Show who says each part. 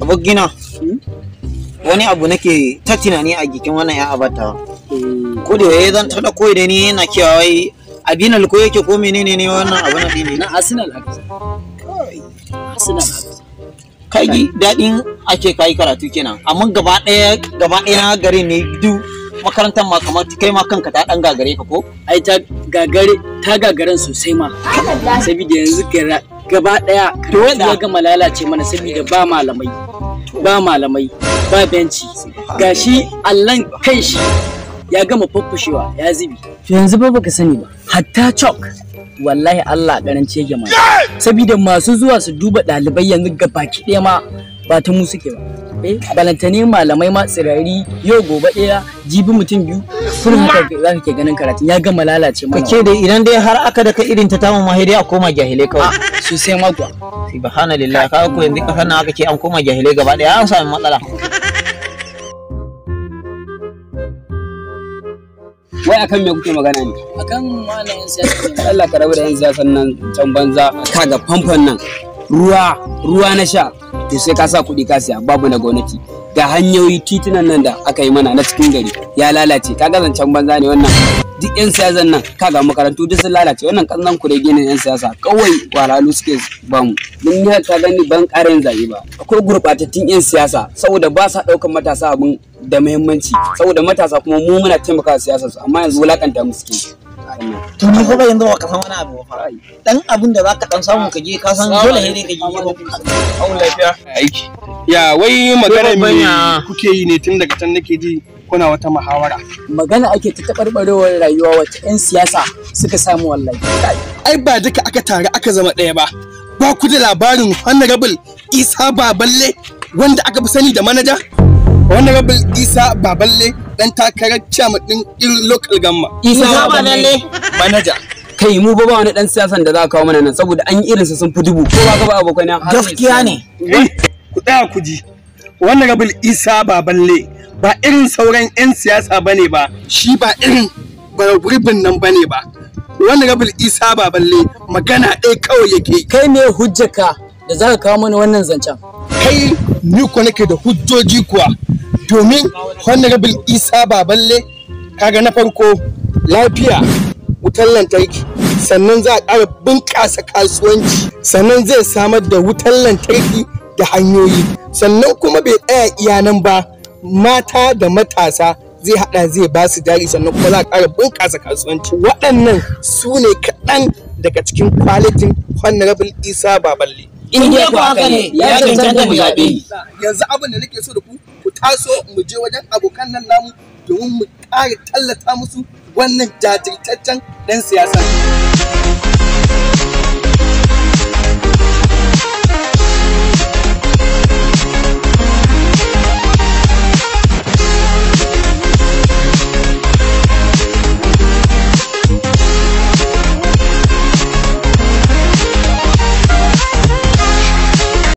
Speaker 1: abogina hmm? wani abu nake ta tunani a jikin wannan ya abata eh. ko da yayi zan tada koyi da ni yana cewa wai abinal ko yake ko menene ne wannan abu na dini na arsenal arsenal kai dadin ake kai karatu kenan amma gaba daya gaba daya na gare ne duk makarantar ma kamar kai ma kanka ta dan gagare ka ko ai ta gagare ta gagaran sosai ma saboda yanzu gaba daya wanda ya gama lalace mana saboda ba malamai ba malamai ba benci gashi allan shi, ya gama fuffushewa ya zubi yanzu ba baka sani ba hatta chok wallahi Allah karanci yake mana saboda masu zuwa su duba ɗalibai yanzu ga baki ɗaya ma ba ta mu suke ba eh balantane malamai ma tsirari yau gobe ɗaya jibi mutum biyu sun haka za ka ke ganin karatun ya gama lalace mana kace dai idan dai har aka daka irin ta tamu ma dai a koma jahilai kawai ah, sosai ma kuwa subhanallah ka ko yanzu ka sanna aka ce an koma jahilai gaba ɗaya an sami matsala wai akan me kuke magana ne
Speaker 2: akan malamin siyasa
Speaker 1: Allah ka rabu da yan siyasan nan can banza ka ga famfan nan ruwa ruwa na sha to sai ka sa kuɗi ka siya babu na gwamnati ga hanyoyi titunan nan da aka yi mana na cikin gari ya lalace Ka ga zancen banza ne wannan duk yan siyasan nan ga makarantu duk sun lalace wannan kanzan kure ginin yan siyasa kawai walalu suke ba mu mun ni ta gani ban ƙara yin zabe ba akwai gurbatattun yan siyasa saboda ba sa daukan matasa abin da muhimmanci saboda matasa kuma mu muna taimaka su amma yanzu wulakanta mu suke to ni fa yanzu ba ka san wani abu ba dan abin da zaka dan samu ka je ka san dole ne
Speaker 2: ka je au lafiya aiki ya wai magana me kuke yi ne tun daga can nake ji kuna wata muhawara magana ake ta tabarbarewar rayuwa wacce yan siyasa suka samu wallahi ai ba duka aka tare aka zama ɗaya ba ba ku da labarin honorable isa baballe wanda aka fi sani da manaja honorable isa baballe dan takarar chairman din local gamma isa ba lalle
Speaker 1: manager kai mu ba wani dan siyasan da za ka kawo mana nan saboda an yi irinsa sun fi dubu ko ba ka ba abokai na gaskiya ne ku tsaya ku ji wannan rabul isa ba balle
Speaker 2: ba irin sauran yan siyasa bane ba shi ba irin gurbin nan bane ba wannan rabul isa ba balle magana ɗaya kawai yake kai me hujjaka da za ka kawo mana wannan zancen kai ni ko nake da hujjoji kuwa domin honorable isa baballe kaga na farko lafiya wutar lantarki sannan za a ƙara bunƙasa kasuwanci sannan zai samar da wutar lantarki da hanyoyi sannan kuma bai tsaya iyanan ba mata da matasa zai hada zai ba su jari sannan kuma za a ƙara bunƙasa kasuwanci waɗannan su ne kaɗan daga cikin kwalitin honorable isa baballe in dai ku haka ne ya cancanta mu zaɓe yanzu abin da nake so da ku ku taso mu je wajen abokan nan namu domin mu ƙara tallata musu wannan jajirtaccen ɗan siyasa.